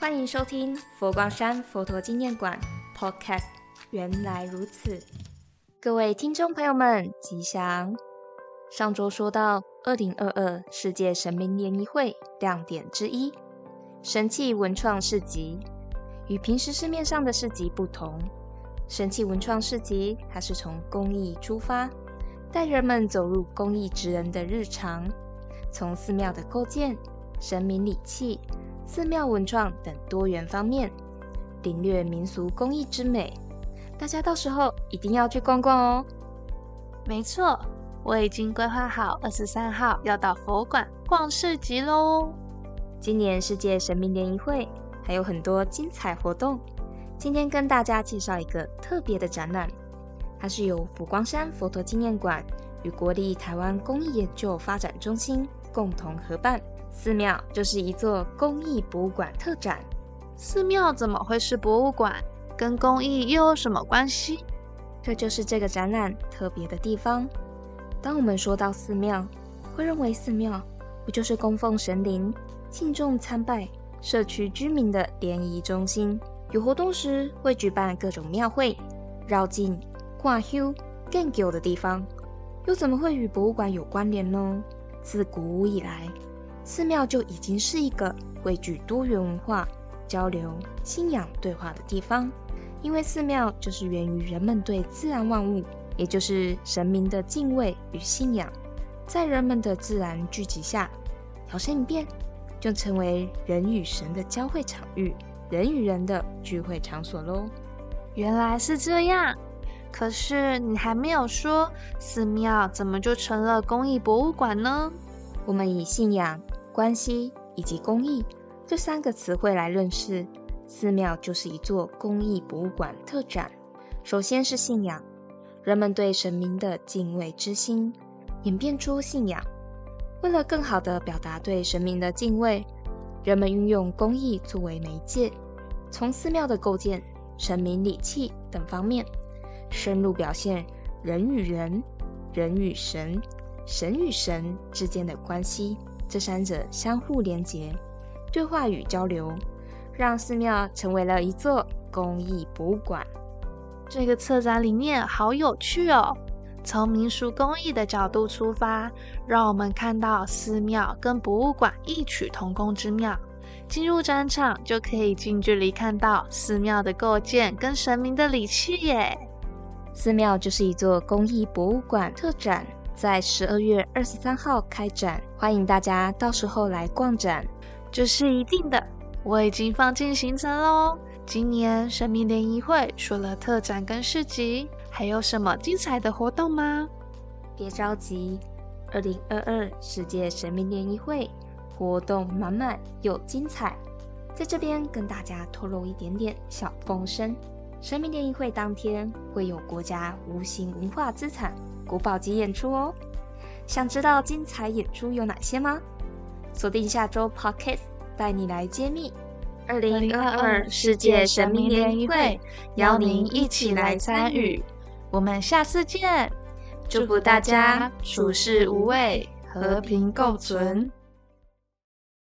歡迎收聽佛光山佛陀紀念館 Podcast。原來如此，各位聽眾朋友們，吉祥！上週說到，二零二二世界神明聯誼會亮點之一，神器文創市集。與平時市面上的市集不同，神器文創市集它是從工藝出發，帶人們走入工藝職人的日常，從寺廟的構建、神明禮器。寺廟文創等多元方面，領略民俗工藝之美，大家到時候一定要去逛逛哦！沒錯，我已經規劃好二十三號要到佛館逛市集嘍。今年世界神明聯誼會還有很多精彩活動，今天跟大家介紹一個特別的展覽，它是由佛光山佛陀紀念館與國立台灣工藝研究發展中心，共同合辦寺廟就是一座工藝博物館特展。寺廟怎麼會是博物館？跟工藝又有什麼關係？這就是這個展覽特別的地方。當我們說到寺廟，會認為寺廟不就是供奉神靈、信眾參拜、社區居民的聯誼中心，有活動時會舉辦各種廟會、繞境、掛修、建醮的地方，又怎麼會與博物館有關聯呢？自古以來，寺廟就已經是一個匯聚多元文化、交流信仰對話的地方。因為寺廟就是源於人們對自然萬物，也就是神明的敬畏與信仰，在人們的自然聚集下，搖身一變就成為人與神的交匯場域，人與人的聚會場所嘍。原來是這樣。可是你還沒有說，寺廟怎麼就成了工藝博物館呢？我們以信仰、關係以及工藝這三個詞彙來認識寺廟，就是一座工藝博物館特展。首先是信仰，人們對神明的敬畏之心演變出信仰。為了更好地表達對神明的敬畏，人們運用工藝作為媒介，從寺廟的構建、神明禮器等方面。深入表現人與人、人與神、神與神之間的關係，這三者相互連結對話與交流，讓寺廟成為了一座工藝博物館。這個策展理念好有趣哦！從民俗工藝的角度出發，讓我們看到寺廟跟博物館異曲同工之妙。進入展場就可以近距離看到寺廟的構建跟神明的禮器耶。寺廟就是一座工藝博物館，特展，在十二月二十三號開展，歡迎大家到時候來逛展，這是一定的。我已經放進行程嘍。今年神明聯誼會除了特展跟市集，還有什麼精彩的活動嗎？別着急，二零二二世界神明聯誼會活動滿滿又精彩，在這邊跟大家透露一點點小風聲。神明聯誼會當天會有國家無形文化資產國寶級演出哦，想知道精彩演出有哪些嗎？鎖定下周 Pocket 帶你來揭秘。二零二二世界神明聯誼會，邀您一起來參與。 我們下次見，祝福大家處事無畏，和平共存。